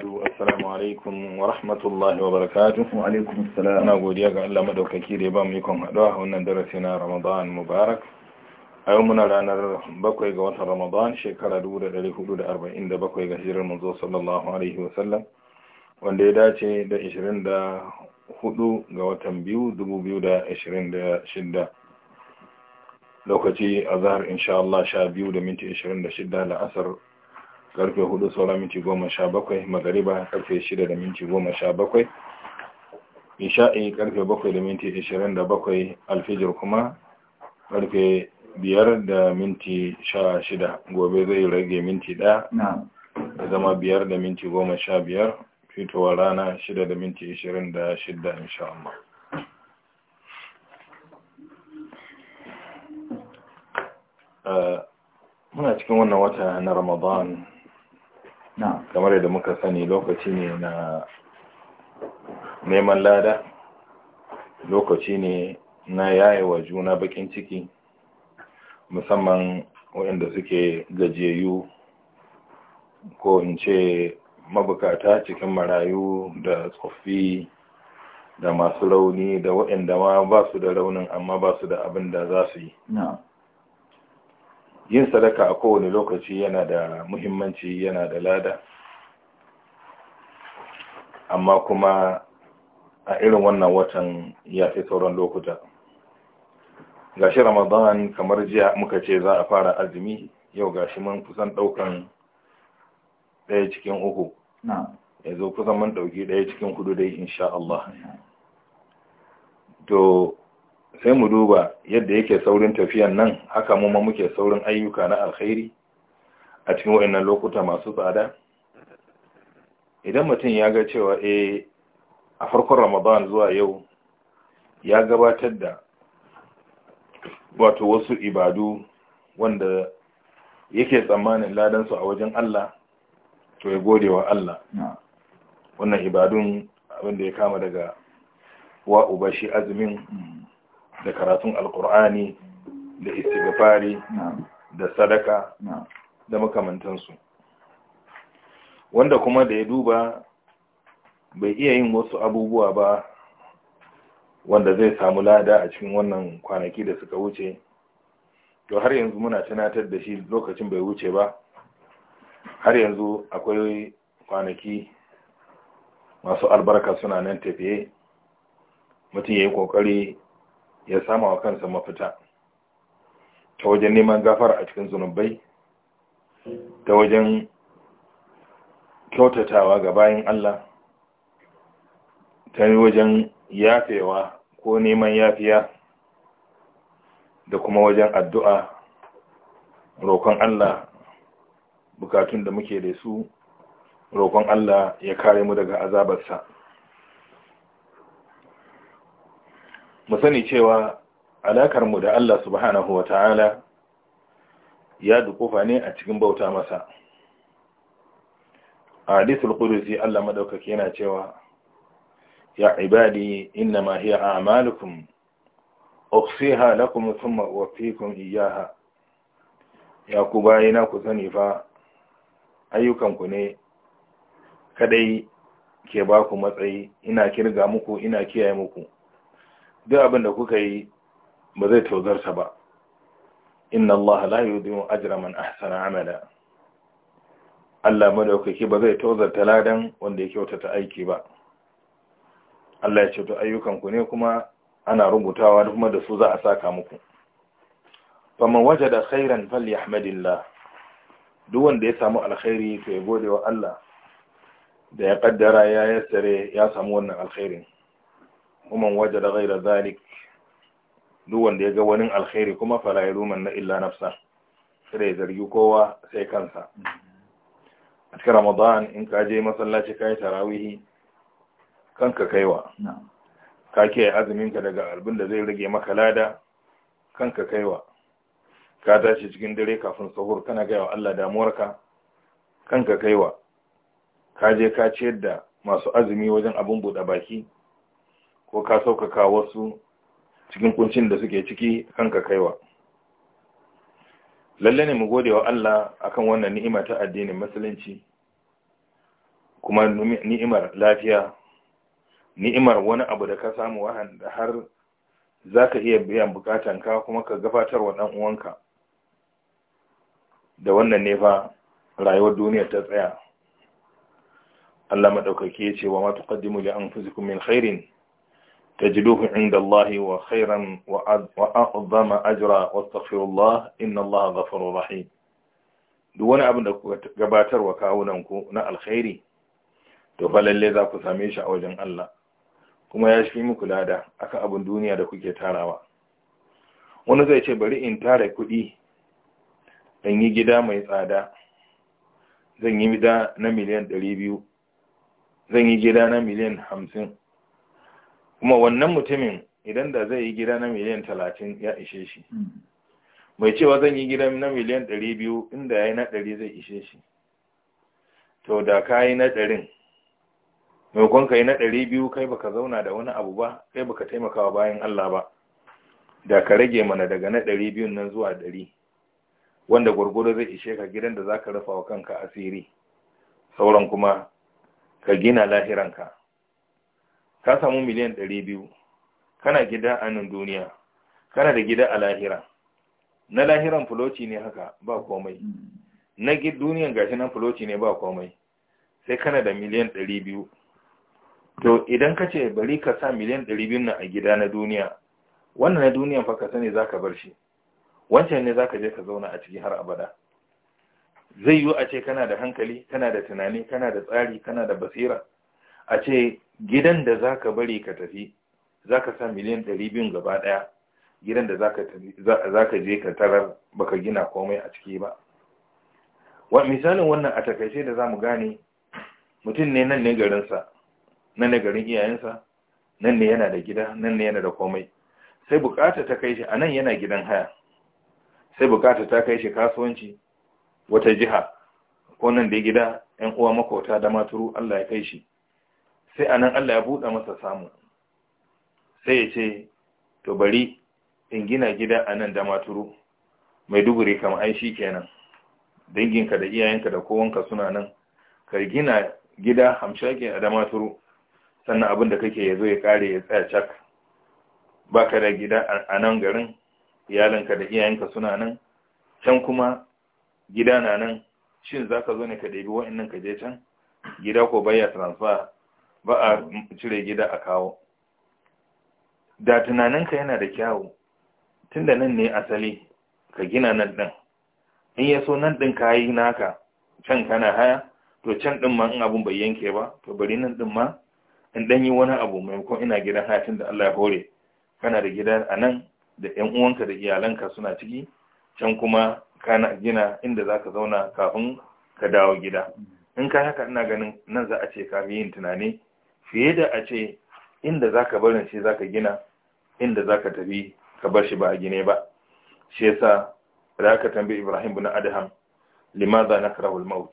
Assalamu alaikum wa rahmatullahi wa barakatu. Wa alaikum assalam. Ana godiya ga Allah madaukaki da ya mu ikon haɗuwa wannan darasi na Ramadan Mubarak. A yau muna ranar bakwai ga watan Ramadan shekara 1447 ga hijirar manzo sallallahu alaihi wa sallam wanda ya dace da hudu ga watan biyu shida. Lokaci a insha Allah biyu da minti 26 da asar karfe hudu saura minti goma magariba karfe shida da minti goma isha'i karfe bakwai da minti 27 alfijir kuma karfe biyar da minti sha gobe zai rage minti ɗaya da zama biyar da minti goma sha fitowar rana shida da minti 26 da ah, muna cikin wannan wata na ramadan kamar yadda muka sani lokaci ne na neman lada lokaci ne na yayewa juna bakin ciki musamman waɗanda suke gajiyayyu ko in ce mabukata cikin marayu da tsoffi da masu rauni da waɗanda ma ba su da raunin amma ba su da abin da za su yi yin sadaka a kowane lokaci yana da muhimmanci yana da lada amma kuma a irin wannan watan ya fi sauran lokuta gashi ramadan kamar jiya muka ce za a fara azumi yau gashi mun kusan daukan daya cikin uku ya zo kusan mun dauki daya cikin hudu dai insha Allah to sai mu duba yadda yake saurin tafiyan nan haka mu ma muke saurin ayyuka na alkhairi a cikin wayannan lokuta masu tsada idan mutum ya ga cewa e a farkon Ramadan zuwa yau ya gabatar da wato wasu ibadu wanda yake tsammanin ladansu a wajen Allah to ya gode wa Allah wannan ibadun abinda ya kama daga wa uba shi azumin mm. da karatun alkur'ani da istighfari da sadaka da makamantansu wanda kuma da ya duba bai iya yin wasu abubuwa ba wanda zai samu lada a cikin wannan kwanaki da suka wuce to har yanzu muna tunatar da shi lokacin bai wuce ba har yanzu akwai kwanaki masu albarka suna nan tafiye mutum ya yi ƙoƙari ya sama wa kansa mafita ta wajen neman gafara a cikin zunubai ta wajen kyautatawa ga bayan Allah ta wajen yafewa ko neman yafiya da kuma wajen addu'a roƙon Allah bukatun da muke da su roƙon Allah ya kare mu daga azabarsa mu sani cewa alakar mu da Allah subhanahu wa Ta'ala ya dukufa ne a cikin bauta masa a hadisul Allah Maɗaukaki yana cewa ya ibadi ma hiya a'malukum uqsiha lakum thumma uwaffikum iyyaha ya ku bayina ku sani fa ayyukanku ne kadai ke ba ku matsayi ina kirga muku ina kiyaye muku duk abin da kuka yi ba zai tozarta ba inna Allah la yudimu ajra man ahsana amala Allah madaukaki ba zai tozarta ladan wanda ya kyautata aiki ba Allah ya ce to ayyukan ku ne kuma ana rubutawa kuma da su za a saka muku man wajada khairan falyahmadillah duk wanda ya samu alkhairi to ya gode wa Allah da ya kaddara ya yassare ya samu wannan alkhairin ومن وجد غير ذلك duk wanda ya ga wani alkhairi kuma fala ruman na illa nafsa sai ya zargi kowa sai kansa a cikin ramadan in ka je masallaci ka yi tarawihi kanka kaiwa ka ke azuminka daga albin da zai rage maka lada kanka kaiwa ka tashi cikin dare kafin sahur kana gaya wa Allah damuwarka kanka kaiwa ka je ka ciyar da masu azumi wajen abin buɗe baki ko ka saukaka wasu cikin kuncin da suke ciki kanka kaiwa lalle ne mu gode wa Allah akan wannan ni'ima ta addinin musulunci kuma ni'imar lafiya ni'imar wani abu da ka samu wanda har za ka iya biyan bukatanka kuma ka gabatar wa uwanka da wannan ne fa rayuwar duniya ta tsaya Allah maɗaukaki ya ce wa matuƙaddimu tuqaddimu li min khairin تجدوه عند الله وخيرا وأعظم أجرا واستغفر الله إن الله غفور رحيم duk wani abin da kuka gabatar wa kawunanku na alkhairi to fa lalle za ku same shi a wajen Allah kuma ya shi muku lada akan abin duniya da kuke tarawa wani zai ce bari in tara kuɗi in yi gida mai tsada zan yi gida na miliyan 200 zan yi gida na miliyan hamsin. kuma wannan mutumin idan da zai yi gida na miliyan talatin ya ishe shi hmm. mai cewa zan yi gida na miliyan ɗari biyu inda ya yi na ɗari zai ishe shi to da ka yi na ɗarin maimakon ka yi na ɗari biyu kai baka zauna da wani abu ba kai baka taimakawa bayan Allah ba da ka rage mana daga na ɗari biyun nan zuwa ɗari wanda gwargwaro zai ishe ka gidan da za ka rufa wa kanka asiri sauran kuma ka gina lahiranka ka samu miliyan ɗari biyu kana gida a nan duniya kana da gida a lahira na lahiran fuloci ne haka ba komai na duniyan gashi nan fuloci ne ba komai sai kana da miliyan ɗari biyu to idan ka ce bari ka sa miliyan ɗari biyu na a gida na duniya wannan na duniyan fa ka sani za ka bar shi wancan ne za ka je ka zauna a ciki har abada zai yiwu a ce kana da hankali kana da tunani kana da tsari kana da basira a ce gidan da za ka bari ka tafi za ka sa miliyan ɗari biyun gaba ɗaya gidan da za ka je ka tarar baka gina komai a ciki ba wa misalin wannan a takaice da za mu gane mutum ne nan ne garinsa nan ne garin iyayensa nan ne yana da gida nan ne yana da komai sai bukata ta kai shi a nan yana gidan haya sai bukata ta kai shi kasuwanci wata jiha ko nan da gida 'yan uwa makota da maturu Allah ya kai shi sai a nan Allah ya buɗe masa samu sai ya ce to bari in gina gida a nan da maturu mai duguri kama ai shi kenan danginka da iyayenka da kowanka suna nan ka gina gida hamshake a damaturu sannan abin da kake ya zo ya kare ya tsaya cak ba ka da gida a nan garin iyalinka da iyayenka suna nan can kuma gida na nan shin za ka zo ne ka ɗabi waɗannan ka je can gida ko baya transfer ba a cire gida a kawo da tunaninka yana da kyawu tun da nan ne asali ka gina nan ɗin in ya so nan ɗin kayi naka can kana haya to can ɗin ma in abun bai yanke ba to bari nan ɗin ma in ɗan yi wani abu maimakon ina gidan haya tun da Allah ya hore kana da gida a nan da ƴan uwanka da iyalanka suna ciki can kuma kana gina inda za ka zauna kafin ka dawo gida in ka haka ina ganin nan za a ce kafin yin tunani fiye da a ce inda za ka barin shi za ka gina inda za ka tafi ka bar shi ba a gine ba shi yasa da aka tambayi Ibrahim bin Adham Limazana nakrahu al-maut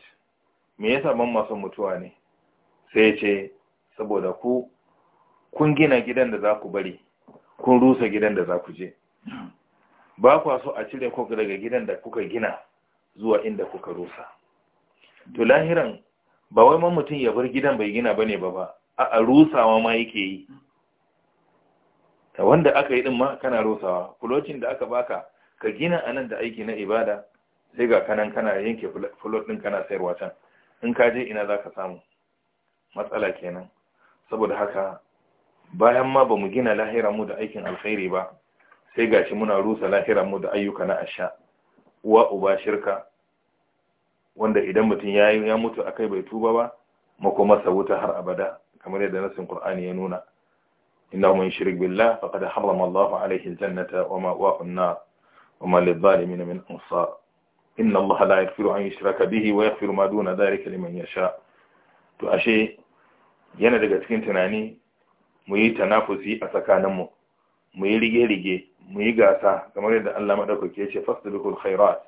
me yasa ban masu mutuwa ne sai ya ce saboda ku kun gina gidan da za ku bari kun rusa gidan da za ku je ba kwa so a cire ku daga gidan da kuka gina zuwa inda kuka rusa to lahiran ba wai man mutum ya bar gidan bai gina bane ba ba a rusawa ma yake yi ta wanda aka yi din ma kana rusawa fulocin da aka baka ka gina anan da aiki na ibada sai ga kanan kana yanke fulot din kana sayarwa can in ka je ina zaka samu matsala kenan saboda haka bayan ma bamu gina lahira mu da aikin alkhairi ba sai gashi muna rusa lahira mu da ayyuka na asha uwa uba shirka wanda idan mutum ya mutu akai bai tuba ba makoma wuta har abada kamar yadda nasin Qur'ani ya nuna inna man yushrik billah faqad harrama Allahu alayhi al-jannata wa ma'wahu an-nar wa ma lidh-dhalimin min ansar inna Allah la yaghfiru an yushraka bihi wa yaghfiru ma duna dhalika liman yasha to ashe yana daga cikin tunani mu yi tanafusi a tsakaninmu mu yi rige-rige mu yi gasa kamar yadda Allah madaukake ya ce fasdulul khairat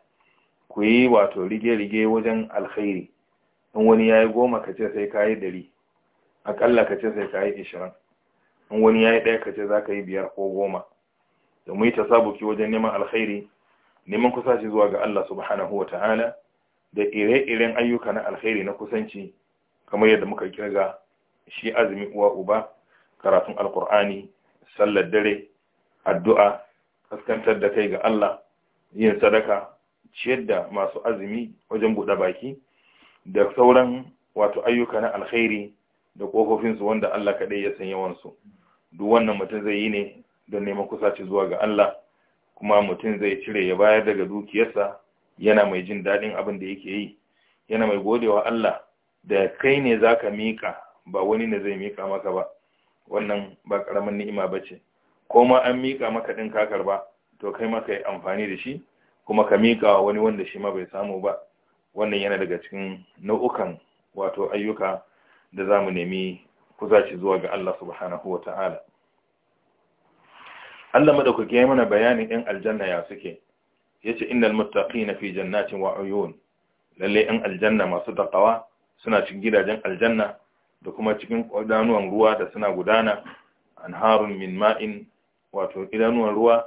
ku yi wato rige-rige wajen alkhairi in wani ya yi goma kace sai ka yi dari akalla kace sai ka yi ishirin in wani ya yi ɗaya ka za ka yi biyar ko goma da mu yi ta sabuki wajen neman alkhairi neman kusaci zuwa ga Allah subhanahu wa ta'ala da ire-iren ayyuka na alkhairi na kusanci kamar yadda muka kirga shi azumi uwa uba karatun alkur'ani sallar dare addu'a kaskantar da kai ga Allah yin sadaka ciyar da masu azumi wajen buɗe baki da sauran wato ayyuka na alkhairi da ƙofofinsu wanda Allah kaɗai ya san yawansu duk wannan mutum zai yi ne don neman kusaci zuwa ga Allah kuma mutum zai cire ya bayar daga dukiyarsa yana mai jin daɗin abin da yake yi yana mai godewa Allah da kai ne za ka miƙa ba wani ne zai miƙa maka ba wannan ba ƙaramin ni'ima ba ce ko ma an mika maka ɗin ka karba to kai ma ka yi amfani da shi kuma ka miƙa wa wani wanda shi ma bai samu ba wannan yana daga cikin nau'ukan wato ayyuka da za mu nemi kuzaci zuwa ga Allah subhanahu wa ta'ala. Allah madaukaki ya mana bayanin ‘yan aljanna ya suke, ya ce, inda mutaƙi na fi jannatin wa ayyun, lalle ‘yan aljanna masu daƙawa suna cikin gidajen aljanna da kuma cikin idanuwan ruwa da suna gudana, an harun min ma'in, wato idanuwan ruwa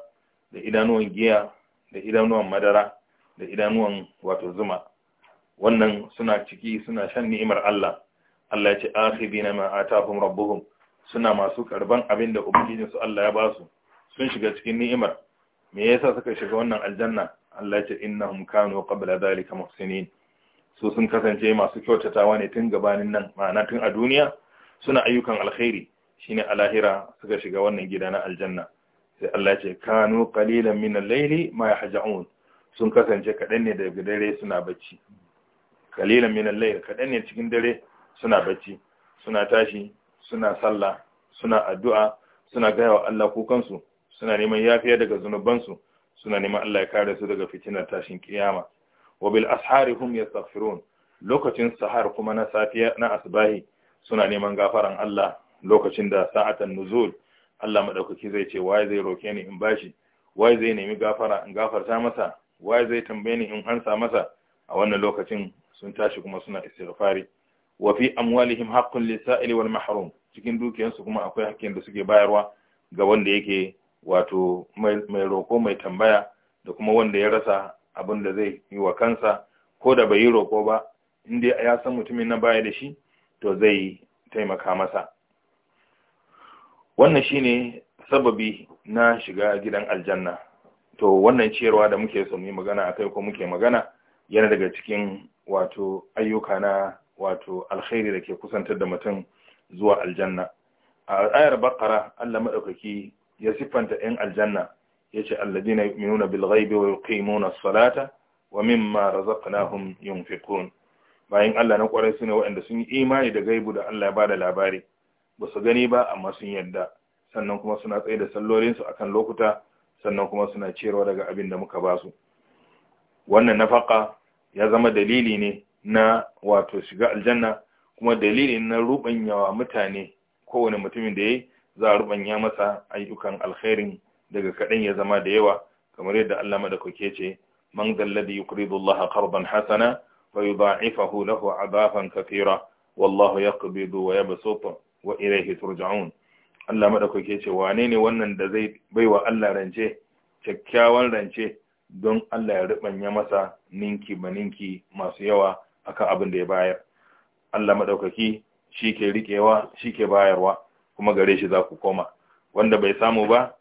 da idanuwan giya da idanuwan madara da idanuwan wato zuma. Wannan suna ciki suna shan ni'imar Allah, Allah ya ce akhidina ma atahum rabbuhum suna masu karban abin da ubangijin su Allah ya ba su sun shiga cikin ni'imar me yasa suka shiga wannan aljanna Allah ya ce innahum kanu qabla dhalika muhsinin su sun kasance masu kyautatawa ne tun gabanin nan ma'ana tun a duniya suna ayyukan alkhairi shine a lahira suka shiga wannan gida na aljanna sai Allah ya ce kanu qalilan min al-layli ma yahja'un sun kasance kadan ne daga dare suna bacci qalilan min al-layl kadan ne cikin dare suna bacci suna tashi suna sallah suna addu'a suna gaya wa Allah kukansu suna neman yafiya daga zunubansu suna neman Allah ya kare su daga fitinar tashin kiyama Wab'il bil ashari hum yastaghfirun lokacin sahar kuma na safiya na asbahi suna neman gafaran Allah lokacin da sa'atan nuzul Allah madaukaki zai ce waye zai roke ni in bashi waye zai nemi gafara in gafarta masa waye zai tambaye ni in ansa masa a wannan lokacin sun tashi kuma suna istighfari Wafi fi amwalihim haqqun lisa'ili wal mahrum cikin dukiyansu kuma akwai hakkin da suke bayarwa ga wanda yake wato mai roko mai tambaya da kuma wanda ya rasa abin da zai yi wa kansa ko da bai yi roko ba inda ya san mutumin na baya da shi to zai taimaka masa wannan shine sababi na shiga gidan aljanna to wannan ciyarwa da muke so mu magana akai ko muke magana yana daga cikin wato ayyuka na wato alkhairi da ke kusantar da mutum zuwa aljanna a ayar bakara Allah madaukaki ya siffanta ɗan aljanna yace alladina yu'minuna bil ghaibi wa yuqimuna as-salata wa mimma razaqnahum yunfiqun bayan Allah na kwarai sune waɗanda sun yi imani da gaibu da Allah ya bada labari ba su gani ba amma sun yadda, sannan kuma suna tsaye da su akan lokuta sannan kuma suna cewa daga abin da muka ba su wannan nafaka ya zama dalili ne na wato shiga aljanna kuma dalilin na rubanyawa mutane kowane mutumin da yayi za a rubanya masa ayyukan alkhairin daga kadan ya zama da yawa kamar yadda Allah madakoke ce man zalladhi yuqridu Allah qardan hasana fayudha'ifahu lahu 'adafan katira wallahu yaqbidu wa yabsutu wa ilayhi turja'un Allah madakoke ce wane ne wannan da zai baiwa Allah rance kyakkyawan rance don Allah ya rubanya masa ninki maninki masu yawa akan abin da ya bayar Allah madaukaki shi ke riƙewa shi ke bayarwa kuma gare shi za ku koma wanda bai samu ba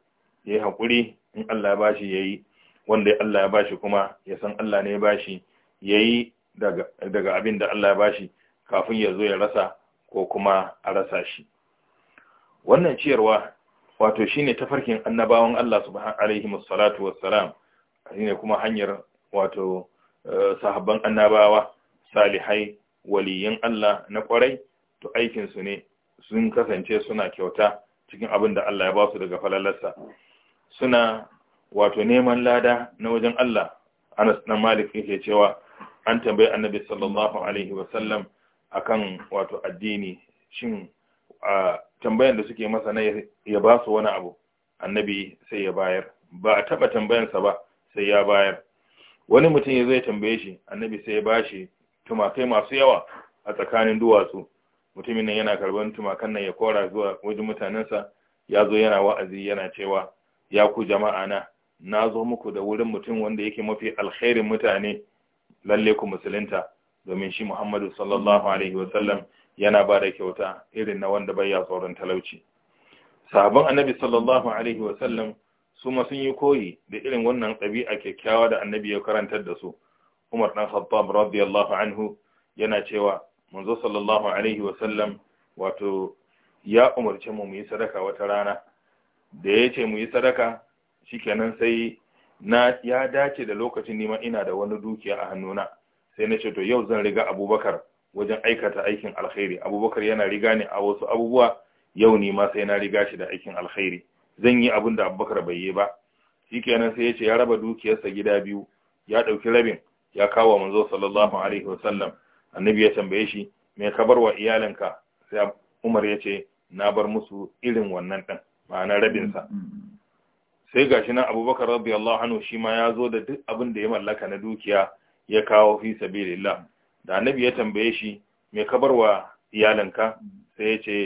yayi hakuri in Allah ya bashi ya yi wanda Allah ya bashi kuma ya san Allah ne ya bashi yayi daga daga abin da Allah ya bashi kafin ya zo ya rasa ko kuma a rasa shi wannan ciyarwa wato shine tafarkin annabawan Allah subhanahu alaihi wassalatu wassalam shine kuma hanyar wato eh, sahabban annabawa salihai waliyin Allah na kwarai to aikinsu ne sun kasance suna kyauta cikin abin da Allah ya ba su daga falalarsa suna wato neman lada na wajen Allah Anas ɗan Malik yake cewa an tambayi Annabi sallallahu alaihi sallam akan wato addini shin tambayan da suke masa na ya ba su wani abu annabi sai ya bayar ba a taba tambayansa ba sai ya bayar wani mutum ya zai tambaye shi annabi sai ya bashi tumakai masu yawa a tsakanin duwatsu mutumin nan yana karban tumakan nan ya kora zuwa wajen mutanensa ya zo yana wa'azi yana cewa ya ku jama'a na na zo muku da wurin mutum wanda yake mafi alkhairin mutane lalle ku musulunta domin shi Muhammadu sallallahu alaihi sallam yana ba da kyauta irin na wanda bai ya tsoron talauci sahabban annabi sallallahu alaihi sallam su ma sun yi koyi da irin wannan ɗabi'a kyakkyawa da annabi ya karantar da su Umar dan Khattab radiyallahu anhu yana cewa manzo sallallahu alaihi wa sallam wato ya umarce mu mu yi sadaka wata rana da ya ce mu yi sadaka shikenan sai na ya dace da lokacin nima ina da wani dukiya a hannuna sai na ce to yau zan riga Abubakar wajen aikata aikin alkhairi Abubakar yana riga ne a wasu abubuwa yau nima sai na riga shi da aikin alkhairi zan yi abin da Abubakar bai yi ba shikenan sai yace ya raba dukiyarsa gida biyu ya ɗauki rabin ya kawo manzo sallallahu alaihi sallam annabi ya tambaye shi me ka bar wa iyalinka sai Umar ya ce na bar musu irin wannan din ma'ana rabin sa sai gashi nan Abubakar radiyallahu anhu shi ma ya zo da duk abin da ya mallaka na dukiya ya kawo fi sabilillah da annabi ya tambaye shi me ka bar wa iyalinka sai ya ce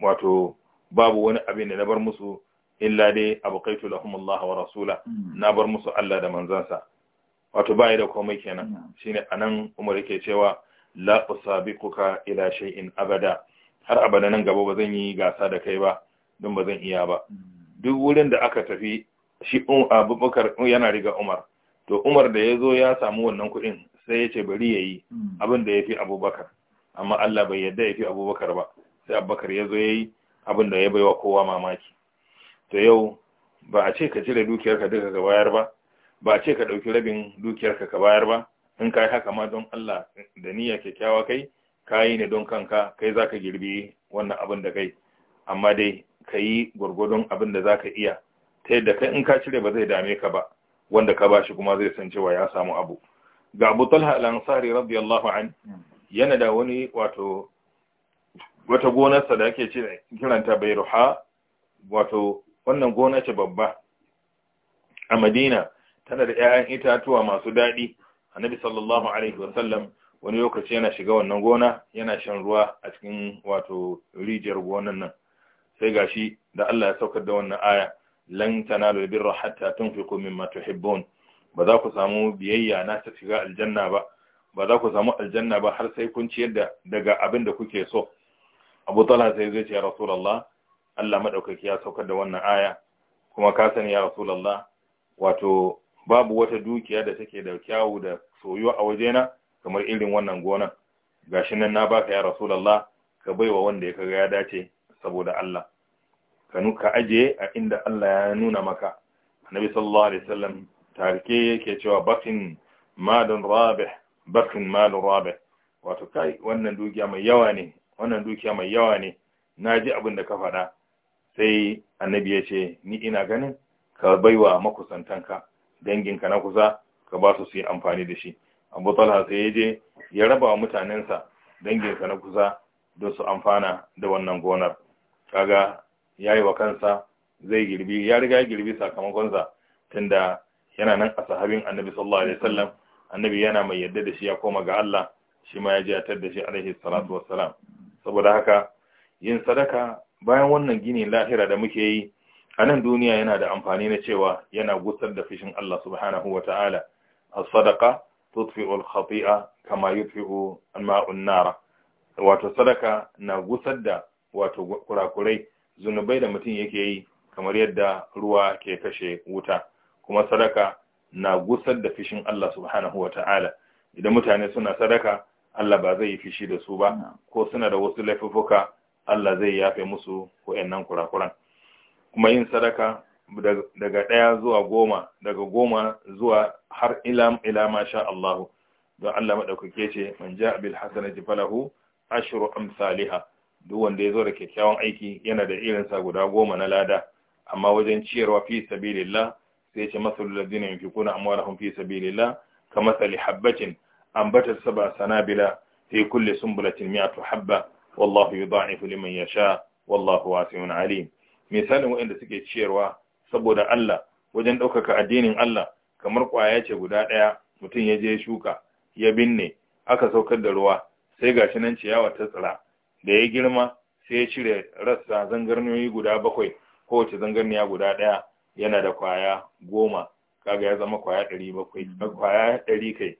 wato babu wani abin da na bar musu illa dai abqaitu lahum Allah wa rasula hmm. na bar musu Allah da manzansa wato bai da komai kenan shine a nan Umar yake cewa la usabiquka ila shay'in abada har abada nan gaba ba zan yi gasa da kai ba don ba zan iya ba hmm. duk wurin da aka tafi shi Abubakar yana riga Umar to Umar da ya zo ya samu wannan kuɗin sai yace ce bari yayi hmm. abin da yafi Abubakar amma Allah bai yarda fi Abubakar ba sai Abubakar yazo yi abin da ya bai wa kowa mamaki to yau ba a ce ka cire dukiyarka duka ga wayar ba ba ce ka ɗauki rabin dukiyarka ka bayar ba in ka yi haka ma don Allah da niyya kyakkyawa kai ka yi ne don kanka kai za ka girbi wannan abin da kai amma dai ka yi gwargwadon abin da za ka iya ta yadda kai in ka cire ba zai dame ka ba wanda ka bashi kuma zai san cewa ya samu abu ga abu talha al-ansari radiyallahu an yana da wani wato wata gonarsa da ake kiranta bai ruha, wato wannan gona ce babba a madina tana da ‘ya'yan itatuwa masu daɗi annabi sallallahu alaihi wasallam wani lokaci yana shiga wannan gona yana shan ruwa a cikin wato rijiyar gonan nan sai gashi da Allah ya saukar da wannan aya lan tanalu birra hatta tunfiqu mimma tuhibbun ba za ku samu biyayya na ta shiga aljanna ba ba za ku samu aljanna ba har sai kun ciyar da daga abin da kuke so Abu Talha sai zai ce ya Rasulullah Allah maɗaukaki ya saukar da wannan aya kuma ka sani ya Rasulullah wato babu wata dukiya da take da kyawu da soyuwa a wajena kamar irin wannan gona. gashi nan na baka ya rasulullah ka baiwa wanda ya kaga ya dace saboda Allah ka nuka aje a inda Allah ya nuna maka annabi sallallahu alaihi wasallam tarike yake cewa bakin madan rabih bakin rabih wato kai wannan dukiya mai yawa ne wannan dukiya mai yawa ne naji abin da ka faɗa sai annabi ya ce ni ina ganin ka baiwa makusantanka danginka na kusa ka ba su su yi amfani da shi abu talha sai ya je ya raba wa mutanensa danginsa na kusa don su amfana da wannan gonar kaga ya yi wa kansa zai girbi ya riga ya girbi sakamakonsa tunda yana nan a sahabin annabi sallallahu alaihi wasallam annabi yana mai yadda da shi ya koma ga Allah shi ma ya ji atar da shi alaihi salatu wassalam saboda haka yin sadaka bayan wannan gini lahira da muke yi a nan duniya yana da amfani na cewa yana gusar da fishin Allah subhanahu wa ta'ala as-sadaqa tudfi'u al-khati'a kama yudfi'u al-ma'u nara wato sadaka na gusar da wato kurakurai zunubai da mutum yake yi kamar yadda ruwa ke kashe wuta kuma sadaka na gusar da fishin Allah subhanahu wa ta'ala idan mutane suna sadaka Allah ba zai yi fishi da su ba ko suna da wasu laifuffuka Allah zai yafe musu wa'annan kurakuran kuma yin sadaka daga ɗaya zuwa goma daga goma zuwa har ilam ilama sha Allahu! don Allah maɗaukake ce man ja bil hasanati falahu ashiru amsalha duk wanda ya zo da kyakkyawan aiki yana da irin sa guda goma na lada amma wajen ciyarwa fi sabilillah sai ce masalul ladina yunfikuna amwalahum fi sabilillah kamathali habatin ambatat sab'a sanabila fi kulle sumbulatin mi'atu habba wallahu yudha'ifu liman yasha wallahu wasi'un alim misalin waɗanda suke ciyarwa saboda Allah wajen ɗaukaka addinin Allah kamar ƙwaya ce guda ɗaya mutum ya je shuka ya binne aka saukar da ruwa sai gashi nan ciyawa ta tsira da ya girma sai ya cire rassa zangarniyoyi guda bakwai kowace zangarniya guda ɗaya yana da ƙwaya goma kaga ya zama ƙwaya ɗari bakwai ƙwaya ɗari kai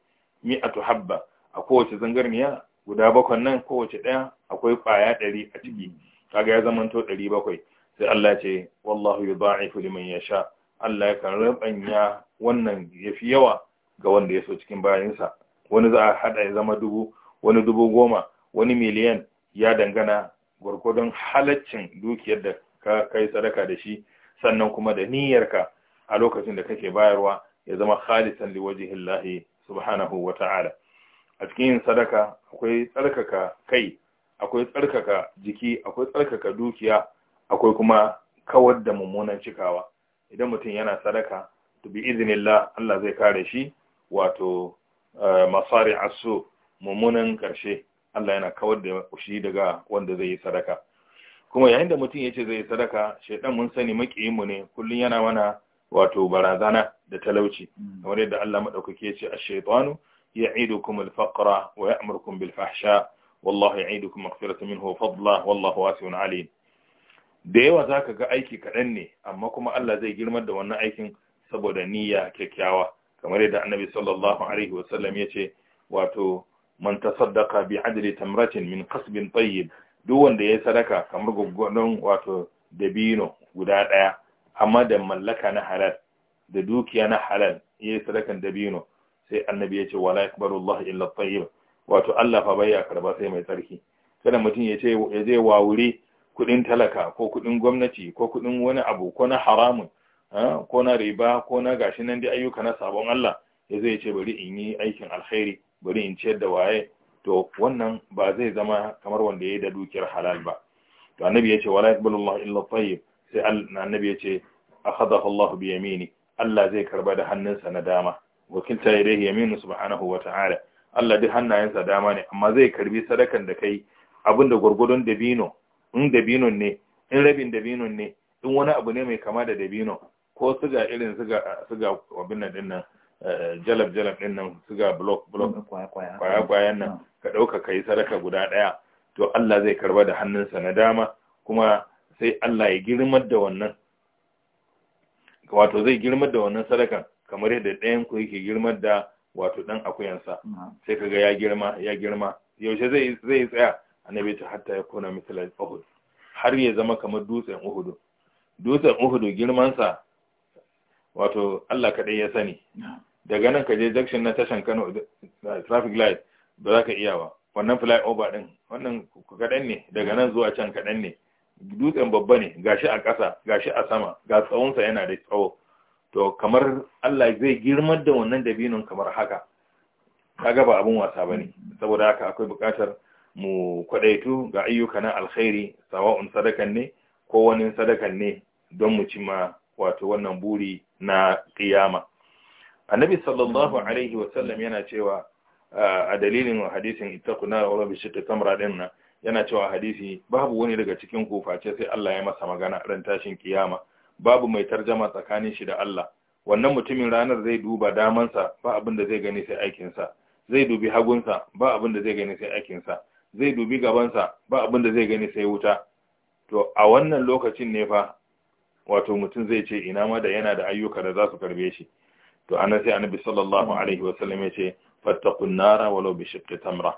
a habba a kowace zangarniya guda bakwai nan kowace ɗaya akwai ƙwaya ɗari a ciki kaga ya zama to ɗari bakwai sai Allah ce wallahu yudha'ifu liman yasha Allah ya kan rabanya wannan yafi yawa ga wanda ya so cikin bayansa wani za a hada ya zama dubu wani dubu goma wani miliyan ya dangana gurgurdan halaccin dukiyar da ka kai sadaka da shi sannan kuma da ka a lokacin da kake bayarwa ya zama khalisan Allah subhanahu wata'ala a cikin sadaka akwai tsarkaka kai akwai tsarkaka jiki akwai tsarkaka dukiya akwai kuma kawar da mummunan cikawa idan mutum yana sadaka to bi iznillah Allah zai kare shi wato eh, masari asu mummunan karshe Allah yana kawar da shi daga wanda zai yi sadaka kuma yayin da mutum yace zai yi sadaka shedan mun sani makiyin mu ne kullun yana mana wato barazana da talauci kamar yadda Allah madaukake ya ce ash-shaytanu ya'idukum al-faqra wa ya'murukum bil fahsha والله يعيدكم مغفرة منه وفضلا والله wasi'un عليم da yawa za ka ga aiki kaɗan ne amma kuma Allah zai girmar da wannan aikin saboda niyya kyakkyawa kamar yadda annabi sallallahu alaihi wasallam ya ce wato man tasaddaqa bi adli tamratin min kasbin tayyib duk wanda ya sadaka kamar gwaggwadon wato dabino guda ɗaya amma da mallaka na halal da dukiya na halal ya yi sadakan dabino sai annabi ya ce wala yakbaru Allah illa tayyib wato Allah fa bai ya karba sai mai tsarki kada mutum ya ce ya zai wawure kuɗin talaka ko kuɗin gwamnati ko kuɗin wani abu ko na haramun ko na riba ko na gashi nan dai ayyuka na sabon Allah ya zai ce bari in yi aikin alkhairi bari in ciyar da waye to wannan ba zai zama kamar wanda ya yi da dukiyar halal ba to annabi ya ce wala yaqbalu illa tayyib sai annabi ya ce akhadahu Allah bi yamini Allah zai karba da hannunsa na dama wakilta yadayhi yaminu subhanahu wa ta'ala Allah duk hannayensa dama ne amma zai karbi sadakan da kai abinda gurgudun dabino in dabinon ne in rabin dabinon ne in wani abu ne mai kama da dabino ko suga irin suga suga abin din nan eh, jalab jalab din nan suga block block mm, kwaya kwaya nan mm. ka dauka kai sadaka guda daya to Allah zai karba da hannunsa na dama kuma sai Allah ya girmar da wannan wato zai girmar da wannan sadakan kamar yadda ɗayan ku yake girmar da wato dan akuyansa mm. sai kaga ya girma ya girma yaushe zai zai tsaya annabi ta hatta ya kona misalan uhud har ya zama kamar dutsen uhud dutsen uhud girman sa wato Allah kadai ya sani daga nan ka je junction na tashan Kano traffic light ba za ka iya ba wannan flyover din wannan kaɗan ne daga nan zuwa can kaɗan ne dutsen babba ne gashi a ƙasa gashi a sama ga tsawonsa yana da tsawo to kamar Allah zai girmar da wannan dabinin kamar haka kaga ba abun wasa bane mm. saboda haka akwai buƙatar mu kwadaitu ga ayyuka na alkhairi sawa'un sadakan ne ko wani sadakan ne don mu cima wato wannan buri na kiyama annabi sallallahu alaihi wa sallam, yana cewa a dalilin hadisin ittaquna wa rabbi shitta tamra na, yana cewa hadisi babu wani daga cikin ku face sai Allah ya masa magana ran tashin kiyama babu mai tarjama tsakanin shi da Allah wannan mutumin ranar zai duba damansa ba abin da zai gani sai aikin sa, zai dubi hagunsa ba abin da zai gani sai aikin sa. zai dubi gabansa ba abin da zai gani sai wuta to a wannan lokacin ne fa wato mutum zai ce ina ma da yana da ayyuka da za su karbe shi to anan sai annabi sallallahu alaihi wasallam ya ce fattaqun nara walau bi shiqqi tamra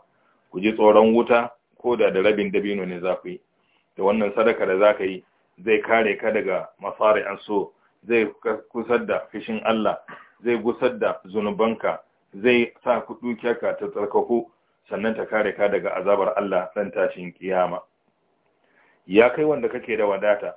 ku ji tsoron wuta ko da da rabin dabino ne za ku yi da wannan sadaka da za ka yi zai kare ka daga masari an so zai kusar da fishin Allah zai gusar da zunubanka zai sa ku dukiyarka ta tsarkaku sannan ta kare ka daga azabar Allah dan tashin kiyama ya kai wanda kake da wadata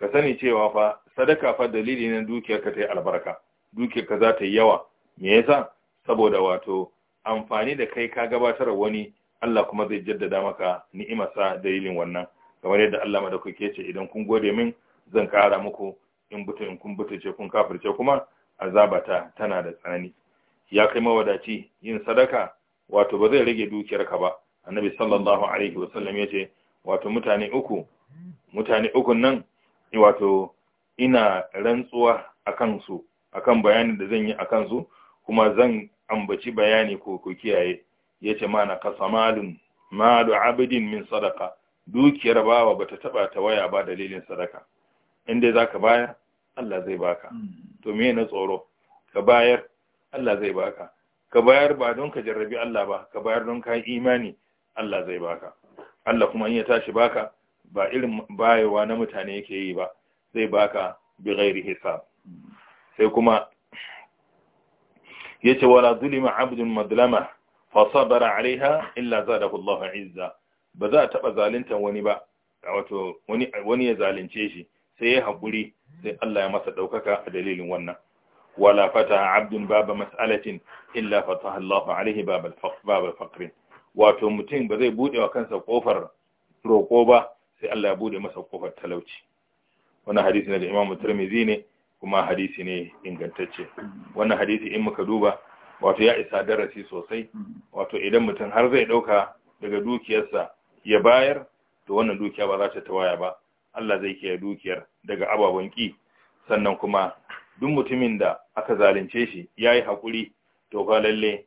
ka sani cewa fa sadaka fa dalili ne dukiyarka ta yi albarka dukiyarka za ta yi yawa me yasa saboda wato amfani da kai ka gabatar wani Allah kuma zai jaddada maka ni'imarsa dalilin wannan kamar yadda Allah madaukake ce idan kun gode min zan kara muku in butu in kun butu ce kun kafirce kuma azabata tana da tsanani ya kai mawadaci yin sadaka wato ba zai rage dukiyarka ba annabi sallallahu alaihi wasallam ya ce wato mutane uku mutane uku nan wato ina rantsuwa a su akan bayanin da zan yi a kansu kuma zan ambaci bayani ko ko kiyaye ya ce mana kasamalun malu abidin min sadaka dukiyar bawa bata taba ta waya ba dalilin sadaka inda zaka bayar Allah zai baka hmm. to me na tsoro ka bayar Allah zai baka ka bayar ba don ka jarrabi Allah ba ka bayar don ka imani Allah zai baka Allah kuma in ya tashi baka ba irin bayewa na mutane yake yi ba zai baka bi ghairi hisab sai kuma yace wala zulima abdun madlama fa sabara alaiha illa zadahu Allahu izza ba za taba zalunta wani ba wato wani wani ya zalunce shi sai ya haƙuri sai Allah ya masa daukaka a dalilin wannan ولا فتح عبد باب مسألة إلا فتح الله عليه باب الفقر باب الفقر wato mutum ba zai bude wa kansa kofar roƙo ba sai Allah ya bude masa kofar talauci wannan hadisi ne da Imam Tirmidhi ne kuma hadisi ne ingantacce wannan hadisi in muka duba wato ya isa darasi sosai wato idan mutum har zai dauka daga dukiyarsa ya bayar to wannan dukiya ba za ta tawaya ba Allah zai kiyaye dukiyar daga ababen ki sannan kuma duk mutumin da aka zalunce shi ya yi haƙuri, to ga lalle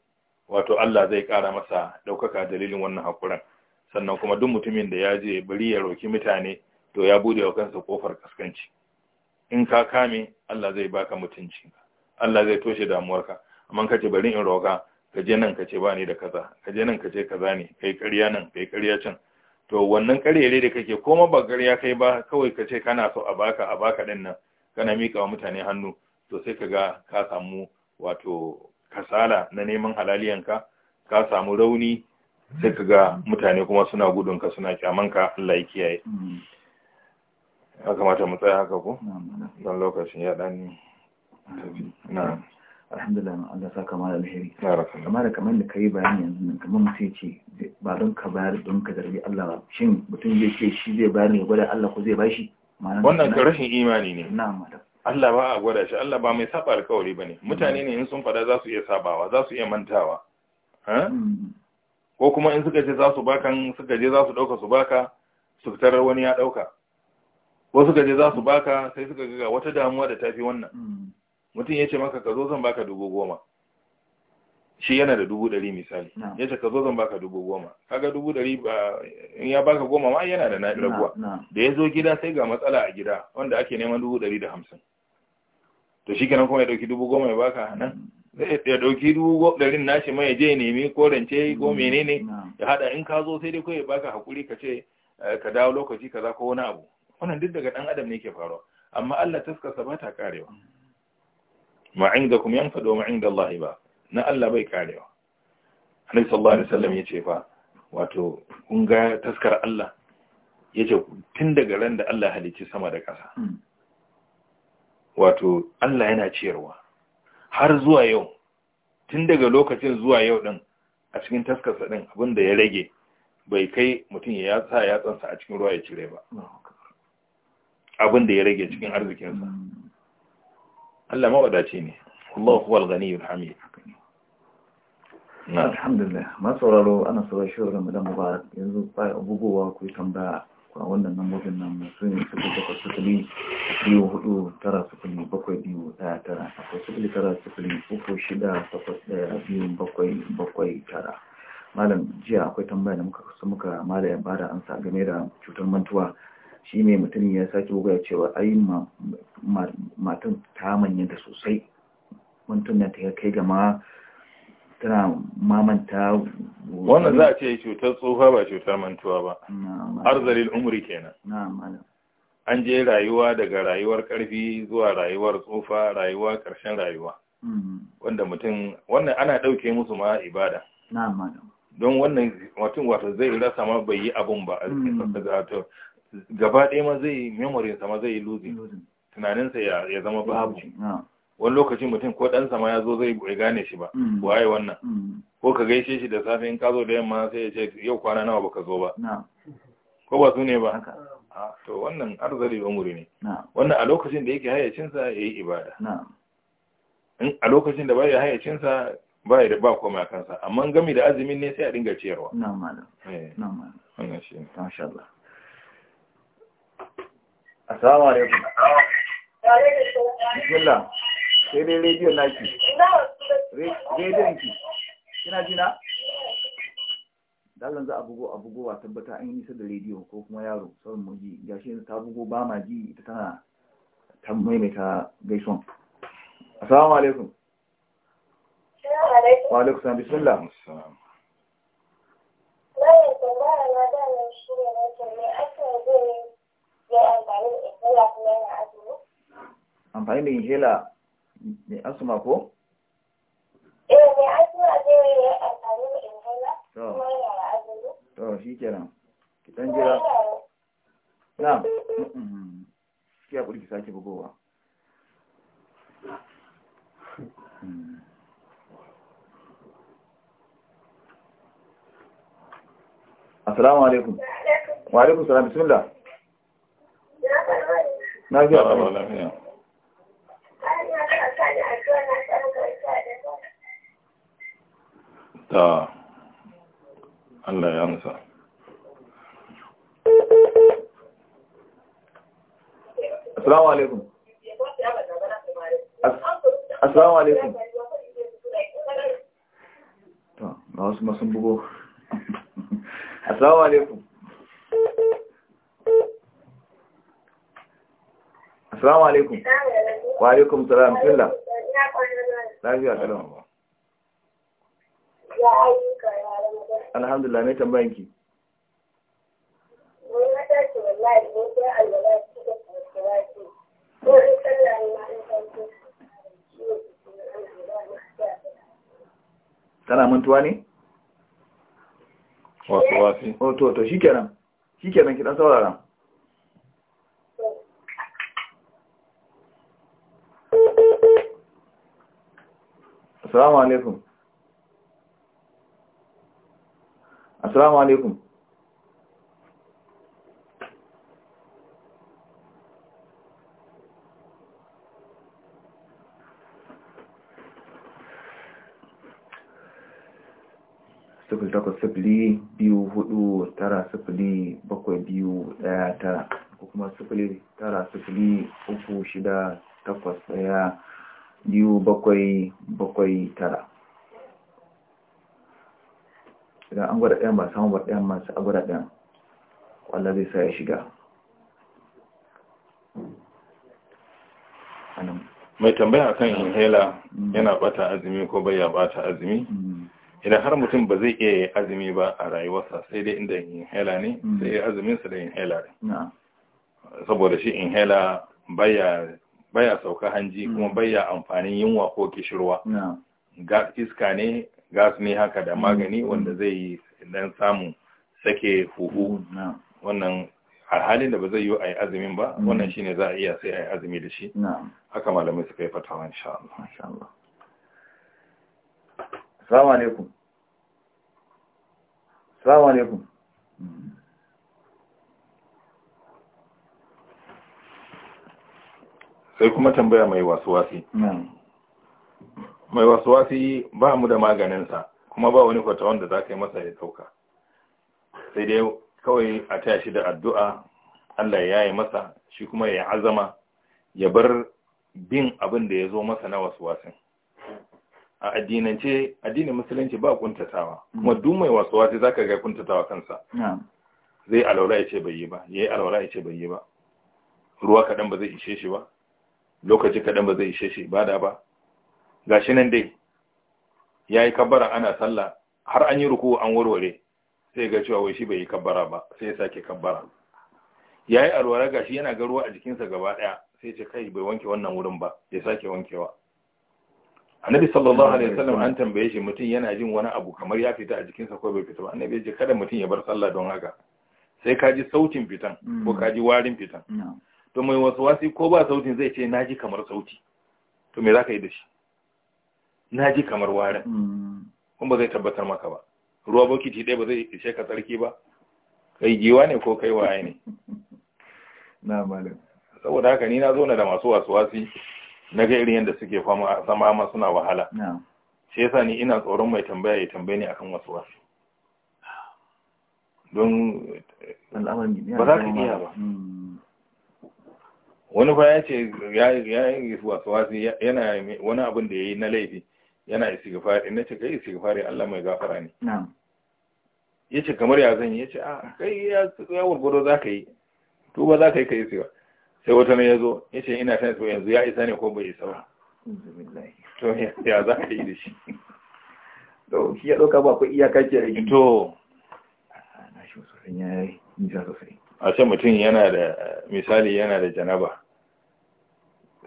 wato Allah zai ƙara masa ɗaukaka dalilin wannan hakuran sannan kuma duk mutumin da ya je bari ya roki mutane to ya bude wa kansa kofar kaskanci in ka kame Allah zai baka mutunci Allah zai toshe damuwarka amma ka ce bari in roka ka je nan ka ce ba ni da kaza ka je nan ka ce kaza ne kai ƙarya nan kai ƙarya can to wannan ne da kake koma ba ƙarya kai ba kawai ka ce kana so a baka a baka din nan kana mika wa mutane hannu to sai kaga ka samu wato kasala na neman halaliyanka ka samu rauni sai kaga mutane kuma suna gudunka suna kyamanka Allah ya kiyaye ya kamata mu tsaya haka ko don lokacin ya dan na alhamdulillah Allah saka kamar alheri amma da kamar da kai bayani yanzu nan kamar mutum ce ba don ka bayar don ka zargi Allah ba shin mutum zai ce shi zai bayar ne gwada Allah ko zai bashi wannan rashin imani ne Allah ba a gwada shi Allah ba mai saba alkawari bane mutane ne in sun fada za su iya sabawa za su iya mantawa mm. ko kuma in suka ce za su bakan suka je za su dauka su baka su fitar wani ya dauka ko suka je za su baka sai suka ga wata damuwa da tafi wannan mm. mutum ya ce maka ka zo zan baka dubu goma shi yana da dubu ɗari misali ya ce ka zo zan baka dubu goma kaga dubu ɗari in ya baka goma ma yana da raguwa da ya zo gida sai ga matsala a gida wanda ake neman dubu ɗari da hamsin to shi kenan kuma ya ɗauki dubu goma ya baka nan mm. eh, ya ɗauki dubu ɗarin nashi ma ya je ya nemi ko rance ko mm, menene ya haɗa in ka zo sai dai kawai ya baka haƙuri ka ce eh, ka dawo lokaci kaza ko wani abu wannan duk daga ɗan adam ne ke faruwa amma Allah taskasa ba ta karewa ma'inda mm. kuma yan faɗo ma'inda Allah ba na Allah bai karewa annabi sallallahu alaihi wasallam yace fa wato kun ga taskar Allah yace tun daga ran da Allah halicci sama da ƙasa hmm. wato Allah yana ciyarwa har zuwa yau tun daga lokacin zuwa yau din a cikin taskarsa din abin ya rage bai kai mutum ya sa yatsansa a cikin ruwa ya cire ba abin ya rage cikin arzikinsa hmm. Allah mawadaci ne Allah huwal ghaniyyul hamid alhamdulillah masu sauraro ana saurar shi wurin madan mubarak yanzu a bugowa ku tambaya a wannan lambobin nan su ne su kuka sifili biyu hudu tara sifili bakwai biyu daya tara akwai sifili tara sifili uku shida takwas daya biyu bakwai bakwai tara malam jiya akwai tambaya da muka kusa muka mala ya bada ansa game da cutar mantuwa shi ne mutumin ya sake wuga cewa ai matan ta manyanta sosai mutum na ta kai gama tana mamanta wannan za a ce cutar tsofa ba cutar mantuwa ba Har zalil umri kenan an je rayuwa daga rayuwar karfi zuwa rayuwar tsofa rayuwa karshen rayuwa mm-hmm. wanda mutum wannan ana ɗauke musu ma ibada don wannan mutum wata zai rasa ma bai yi abun ba mm-hmm. gaba ɗaya ma zai memorinsa ma zai yi lozi tunaninsa ya zama babu wani lokacin mutum ko ɗansa ma ya zo zai bai gane shi ba mm. waye wannan mm. ko ka gaishe shi da safe in ka zo da yamma sai ya ce yau kwana nawa baka zo ba ko ba su ne ba to wannan arzali umuri ne wannan a lokacin da yake hayyacinsa ya yi ibada in a lokacin da bai hayyacinsa ba da ba komai a kansa amma gami da azumin ne sai a dinga ciyarwa na'am malam eh. na'am malam wannan shi ne masha Allah assalamu alaikum Bismillah. sai dai rediyon naki rediyon ki kina ji na za a bugo a bugo a tabbata an yi isa da rediyo ko kuma yaro sauran mu ji gashi yanzu ta bugo ba ma ji ita tana ta maimaita gaison assalamu alaikum wa alaikum salam bismillah amfani da inhela ne asuma ko? eh ne asuma zai yi amfani da inhaler kuma yana azumi to shi kenan ki ya jira na ki hakuri ki sake bugowa mm. Assalamu alaikum. Wa alaikum salam bismillah. Na ji a ta Allah ya amsa alaikum Assalamu alaikum ta wasu masu bugo alaikum alaikum Wa alaikum salam fillah Lafiya Alhamdulillah me tambayan ki? Tana mantuwa ne? Wato oh, wafi. shi kenan, shi kenan kiɗan saurara. Salamu alaikum. assalamu alaikum sifil takwas sifili biyu hudu tara sifili bakwai biyu daya tara ko kuma sifili tara sifili uku shida takwas daya biyu bakwai bakwai tara idan an gwada ɗayan ba samun ba ɗayan masu a gwada ɗayan wallah zai sa ya shiga mai tambaya kan inhaler mm. yana bata azumi ko bai ya bata azumi mm. idan har mutum ba zai iya yi azumi ba a rayuwarsa sai dai inda inhela ne mm. sai ya azuminsa da inhaler ne saboda shi inhela baya sauka hanji kuma baya amfanin yunwa ko kishirwa ga iska ne gas ne haka da mm. magani wanda zai yi dan samu sake huhu mm, wannan a halin da ba zai yi a yi azumin ba mm. wannan shine za a iya sai a yi azumi da shi haka malamai suka yi fatawa insha Allah Assalamu alaikum Assalamu alaikum sai kuma tambaya mai wasu wasi mai wasuwasi ba mu da maganinsa kuma ba wani fata wanda za ka yi masa ya ɗauka sai dai kawai a taya shi da addu'a Allah ya yi masa shi kuma ya azama ya bar bin abin da ya zo masa na wasuwasin a addinance addinin musulunci ba kuntatawa kuma hmm. duk mai wasuwasi za ka ga kuntatawa kansa zai alaura ya ce bai yi ba ya yi alaura ya ce bai yi ba ruwa kaɗan ba zai ishe shi ba lokaci kaɗan ba zai ishe shi ba da ba gashi nan dai ya yi kabbara ana sallah har an yi ruku an warware sai ga cewa wai shi bai yi kabbara ba sai ya sake kabbara ya yi alwara gashi yana ga ruwa a jikinsa gaba ɗaya sai ce kai bai wanke wannan wurin ba ya sake wankewa annabi sallallahu alaihi wasallam an tambaye shi mutum yana jin wani abu kamar ya fita a jikinsa ko bai fita ba annabi ya ce kada mutum ya bar sallah don haka sai ka ji sautin fitan ko ka ji warin fitan mm. to mai wasu wasi ko ba sautin zai ce na ji kamar sauti to me za ka yi da shi na ji kamar warin kuma ba zai tabbatar maka ba ruwa bokiti ɗaya ba zai ishe ka tsarki ba kai giwa ne ko kai waye ne na malam saboda haka ni na zo na da masu wasuwasi na ga irin yadda suke fama sama amma suna wahala shi yasa ni ina tsoron mai tambaya ya tambaye ni akan wasuwasi don ba za ka iya ba wani fa ya ce ya yi wasuwasi yana wani abin da ya yi na laifi yana istighfari na ce kai istighfari Allah mai gafara ne ya ce kamar ya zan yi ya ce a ah, kai ya wurgudo za ka yi tuba za ka yi ka sai sai wata ne ya zo ya ce ina yanzu ya isa ne ko bai isa ba to ya za ka yi da shi to shi ya ɗauka ba ku iyaka ce a yi to ah, na shi sosai ya yi nisa sosai a ce mutum yana da misali yana da janaba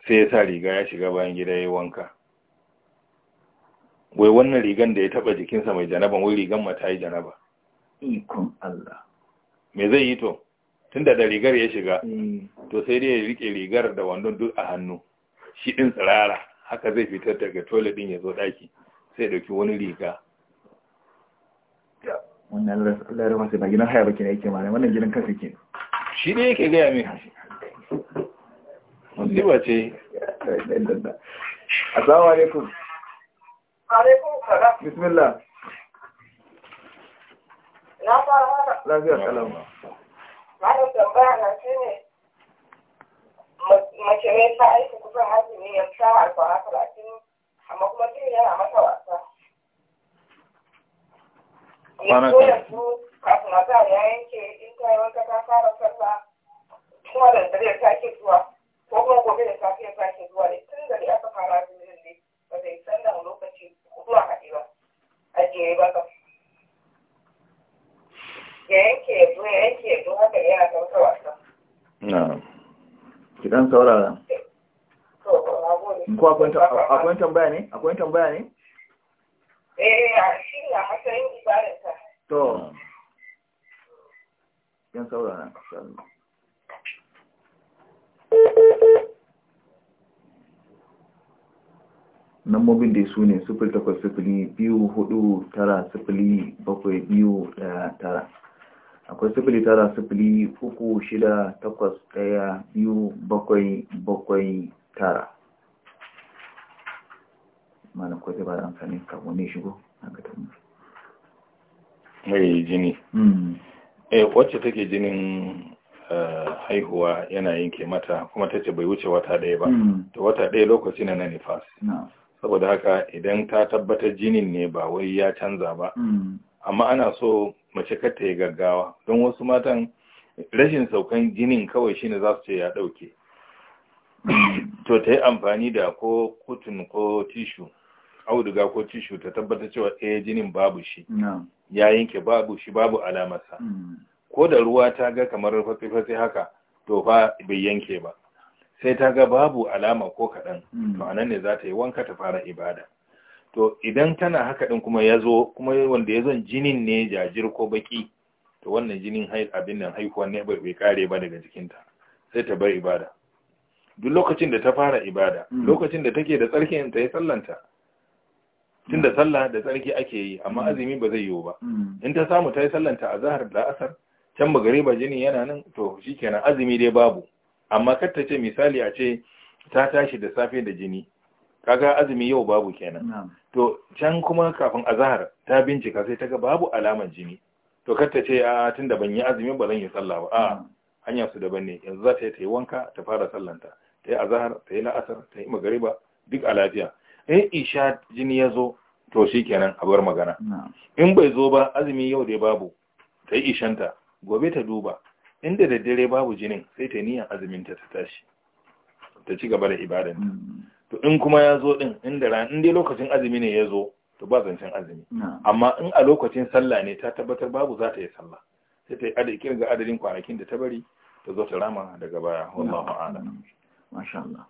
sai ya sa riga ya shiga bayan gida ya yi wanka wai wannan rigan da ya taba jikinsa mai janaban wai rigan mata yi janaba ikon Allah me zai yi to tunda da rigar ya shiga eh. to sai dai ya rike rigar da wandon duk a hannu shi ɗin tsirara haka zai fitar daga toilet ɗin ya zo ɗaki, sai dauki wani riga wannan larar masu ba gidan haya ba kina yake mara wannan gidan kansa ke shi ne yake gaya min musiba ce assalamu alaikum malam tambaya na shine mace ta aiki kusan azumi ya sha alfara talatin amma kuma jini yana mata wasa yanzu yanzu kafin a ya yanke in ta yi wanka ta fara sallah kuma da ta ke zuwa ko kuma gobe da safe ya sake zuwa ne tun aka fara azumin ne ba zai zuwa haɗewa a jere ba ka ya yanke ya zo ya yanke ya zo haka yana tamkar wasa na kidan saurara ko akwai tambaya ne akwai tambaya ne eh shi na matsayin ibadarsa to yan saurara nambobin da su ne sufuri akwai sufuri tara sufuri uku shida takwas biyu bakwai bakwai tara malam ba da amfani ka ne shigo a ga tamu mai jini hmm. eh kwace take jinin eh, haihuwa yana yanke mata kuma ta ce bai wuce wata ɗaya ba hmm. to wata ɗaya lokaci na nanifas saboda haka idan ta tabbatar jinin ne ba wai ya canza ba amma ana so mace kata ta yi gaggawa don wasu matan rashin saukan jinin kawai shine za su ce ya dauke to ta yi amfani da ko kutun ko tishu auduga ko tishu ta tabbatar cewa eh jinin babu shi ya yanke babu shi babu alamarsa hmm. ko da ruwa ta ga kamar fatsi-fatsi haka to fa bai yanke ba sai ta ga babu alama ko kaɗan hmm. to a nan ne za ta yi wanka ta fara ibada to idan tana haka ɗin kuma ya zo kuma wanda ya zon jinin ne jajir ko baki to wannan jinin abin nan haihuwa ne bai kare ba daga jikinta sai ta bar ibada duk lokacin da ta fara ibada hmm. lokacin da take da tsarki ta yi sallanta tun da hmm. sallah da tsarki ake yi amma azumi ba zai yiwu ba in ta samu ta yi sallanta a zahar da asar can magariba jinin yana nan to shi kenan azumi dai babu amma kar ta ce misali a ce ta tashi da safe da jini kaga azumi yau babu kenan to can kuma kafin azahar ta bincika sai ta ga babu alamar jini to kar ta ce a tunda ban yi azumi ba zan yi sallah ba a hanya su daban ne yanzu za ta yi ta yi wanka ta fara sallanta ta yi azahar ta yi la'asar ta yi magariba duk a lafiya in isha jini ya zo to shi kenan a bar magana in bai zo ba azumi yau dai babu ta yi ishanta gobe ta duba inda da dare babu jinin sai ta niyan azumin ta ta tashi ta ci gaba da ibadan mm. to in kuma ya zo din inda ran in lokacin azumi ne ya zo to ba zancen azumi amma in a lokacin sallah ne ta tabbatar babu za ta yi sallah sai ta yi adadin kirga adadin kwanakin da ta bari ta zo ta rama daga baya wallahu a'lam masha Allah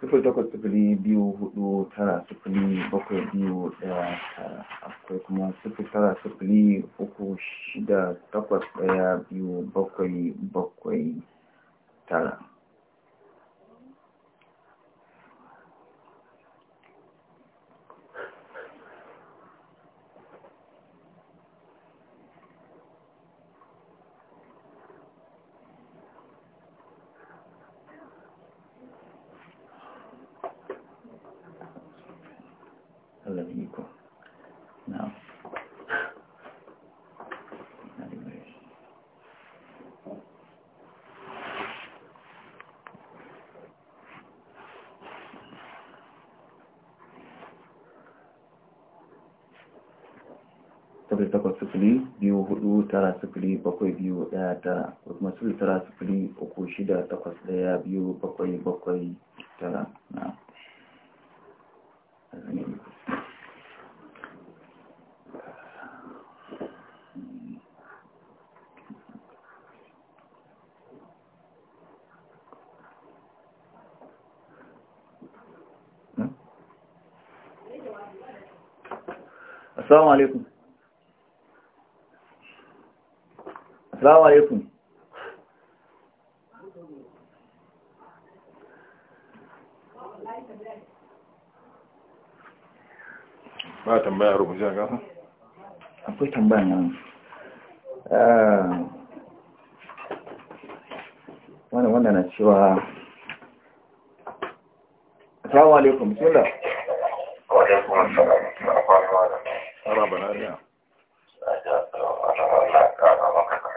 sifil takwas sifili biyu hudu tara sifili bakwai biyu daya tara akwai kuma sifil tara sifili uku shida takwas daya biyu bakwai bakwai tara sifili bakwai biyu ɗaya tara kuma tara uku shida takwas ɗaya biyu bakwai bakwai tara na hmm? Assalamu alaikum. Assalamu alaikum. Ba tambaya rubuce a gasa? Akwai tambaya nan. Ah, wannan wanda na cewa Assalamu alaikum, Sula. alaikum assalam. Na ya. Ajiyar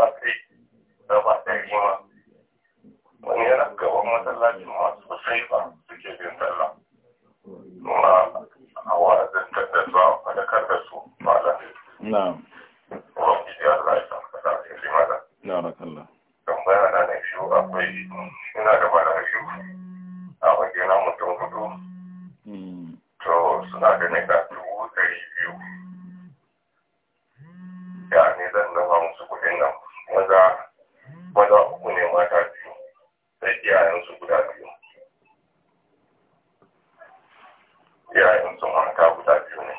ya wani yana gaban masu sosai ba suke bin a wazantar da su da su malam na'am wani ya da na akwai ina da mara biyu a mutum hudu hmm. to suna da nika dubu biyu ya ne zan zama musu kuɗin nan maza maza uku ne mata biyu sai iyayensu guda biyu iyayensu mata guda biyu ne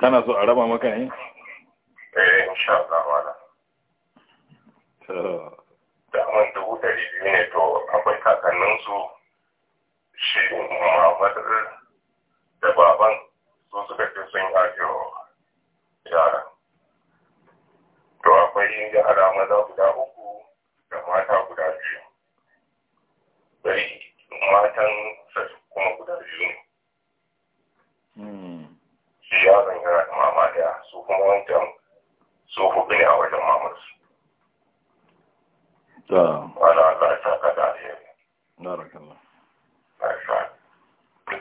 kana so a raba maka ne eh insha Allah wala da mun dubu dari biyu ne to akwai su shi mamadar da baban su suka ce sun yi ajiyo bayin jihara maza guda uku da mata guda biyu sai matan sassu kuma guda biyu hmm. shi ya zanga da mama daya su kuma wancan su hudu ne a wajen mamarsu wala Allah ya saka da alheri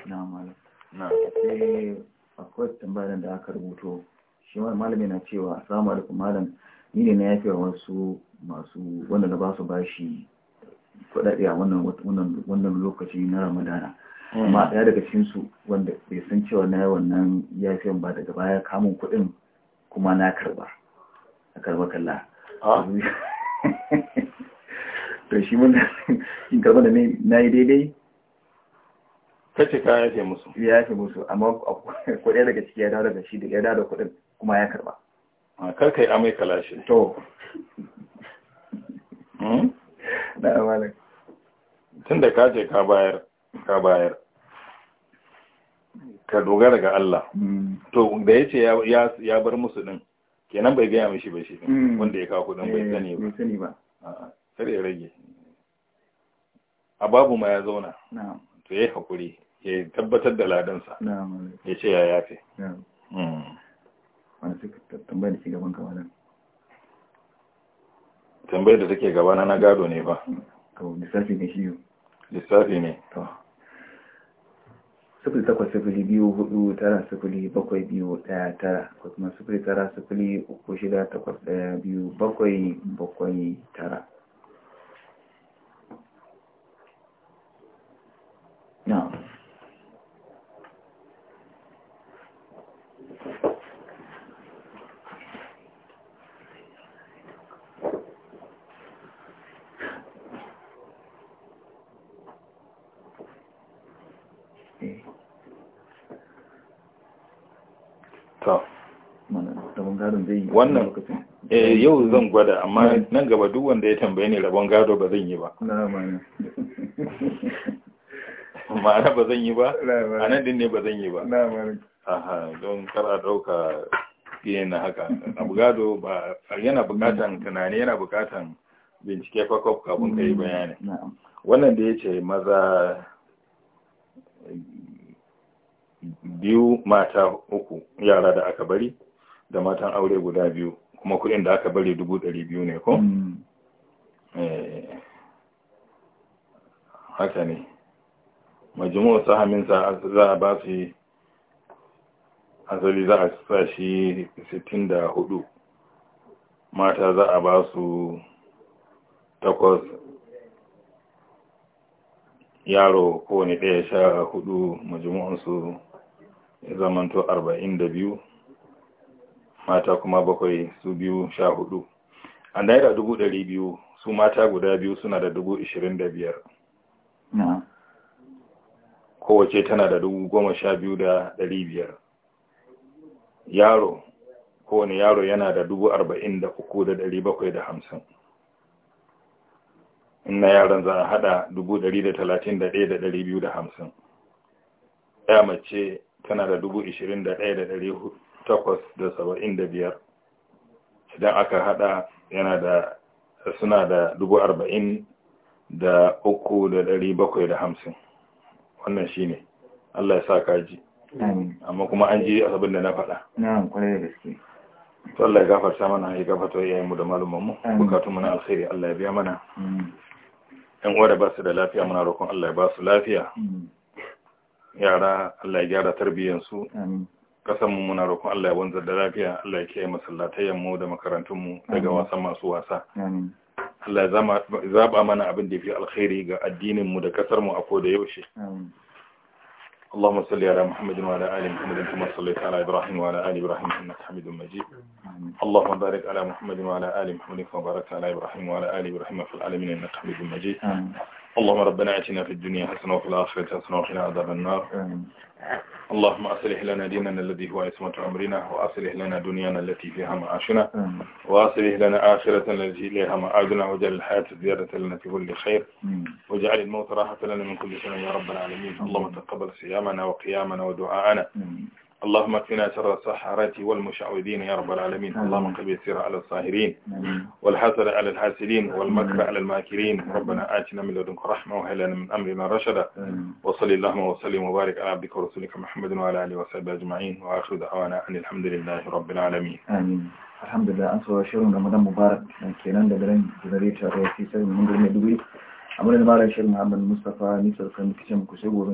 na malam na sai eh, akwai tambayar da aka rubuto shi malami na cewa assalamu alaikum malam ni ne na yafe wasu masu wanda na ba su bashi kudade a wannan lokaci na ramadana amma ɗaya daga su wanda bai san cewa na yi wannan yafe ba daga baya kamun kudin kuma na karba a karba kalla ah? to shi mun in karba da na yi daidai kace ka yafe musu ya yafe musu amma kuɗi daga ciki ya dawo daga shi da ya dawo da kudin kuma ya karba kar yi amai kalashi to hmm? na amalin tun da ka ce ka bayar ka bayar ka dogara ga Allah hmm. to da ya ce ya bar musu din kenan bai gaya mishi ba shi hmm. wanda ya kawo kudin eh, bai sani ba sai ya rage a babu ma ya zauna to ya yi hakuri, ya tabbatar da ladansa ya ce ya yafe wanda suka tambayar da ke gaban ka malam tambayar da take gaba na gado ne ba mm. to lissafi ne shi lissafi ne to sufuri takwas sufuri biyu hudu tara sufuri bakwai biyu daya tara kuma sufuri tara sufuri uku shida takwas daya biyu bakwai bakwai tara wannan eh, eh, yau zan gwada amma eh. nan gaba duk wanda ya tambaye ni rabon gado ba zan yi ba ma'ana ba zan yi ba a nan din ne ba zan yi ba aha don kara dauka fiye na haka abu gado ba yana bukatan tunani yana bukatan bincike kwakwakwa kafin ka yi mm. bayani wannan da ya ce maza biyu mata uku yara da aka bari da matan aure guda biyu kuma kuɗin da aka bari dubu ɗari biyu ne ko? Hmm. Eh, haka ne majimu sahamin za a ba su asali za a sa shi 64 mata za a ba su takwas yaro kowane ɗaya sha hudu zamantu ya zamanto biyu. mata kuma bakwai su biyu sha hudu a naira dubu ɗari biyu su mata guda biyu suna da dubu ishirin da biyar kowace tana da dubu goma sha biyu da ɗari biyar yaro kowane yaro yana da dubu arba'in da uku da ɗari bakwai da hamsin ina yaron za a haɗa dubu ɗari da talatin da ɗaya da ɗari biyu da hamsin ɗaya mace tana da dubu ishirin da ɗaya da ɗari takwas da saba'in da biyar idan aka haɗa yana da suna da dubu arba'in da uku da dari bakwai da hamsin wannan shi ne Allah ya sa kaji amma kuma an ji asabin da na faɗa Allah ya gafarta mana ya gafarta yi mu da malumanmu bukatu mana alkhairi Allah ya biya mana yan uwa da ba su da lafiya muna roƙon Allah ya ba su lafiya yara Allah ya gyara tarbiyyansu kasan mu muna roƙon Allah ya wanzar da lafiya Allah ya kiyaye masallatayen mu da makarantunmu, mu daga wasa masu wasa Allah ya zaba mana abin da fi alkhairi ga addinin mu da kasar mu a koda yaushe اللهم صل على Muhammadin وعلى آل محمد كما صليت على إبراهيم وعلى آل إبراهيم إنك حميد مجيد اللهم بارك على محمد وعلى آل محمد كما باركت على إبراهيم وعلى آل إبراهيم في العالمين إنك حميد مجيد اللهم ربنا اتنا في الدنيا حسنة وفي الآخرة حسنة وقنا عذاب النار آمين. اللهم أصلح لنا ديننا الذي هو عصمة أمرنا وأصلح لنا دنيانا التي فيها معاشنا وأصلح لنا آخرة التي إليها معادنا واجعل الحياة زيادة لنا في كل خير واجعل الموت راحة لنا من كل سنة يا رب العالمين اللهم تقبل صيامنا وقيامنا ودعاءنا اللهم اكفنا شر السحرة والمشعوذين يا رب العالمين اللهم اكفنا السر على الصاهرين والحسر على الحاسدين والمكر على الماكرين ربنا آتنا من لدنك رحمة وهل لنا من أمرنا رشدا وصلي اللهم وسلم وبارك على عبدك ورسولك محمد وعلى آله وصحبه أجمعين وآخر دعوانا أن الحمد لله رب العالمين آمين الحمد لله أنصر وشيرون رمضان مبارك كينان دبرين جنريت شهر يسيسر من منذ دبي أمرنا مبارك شير محمد مصطفى نفسه الخير مكتشم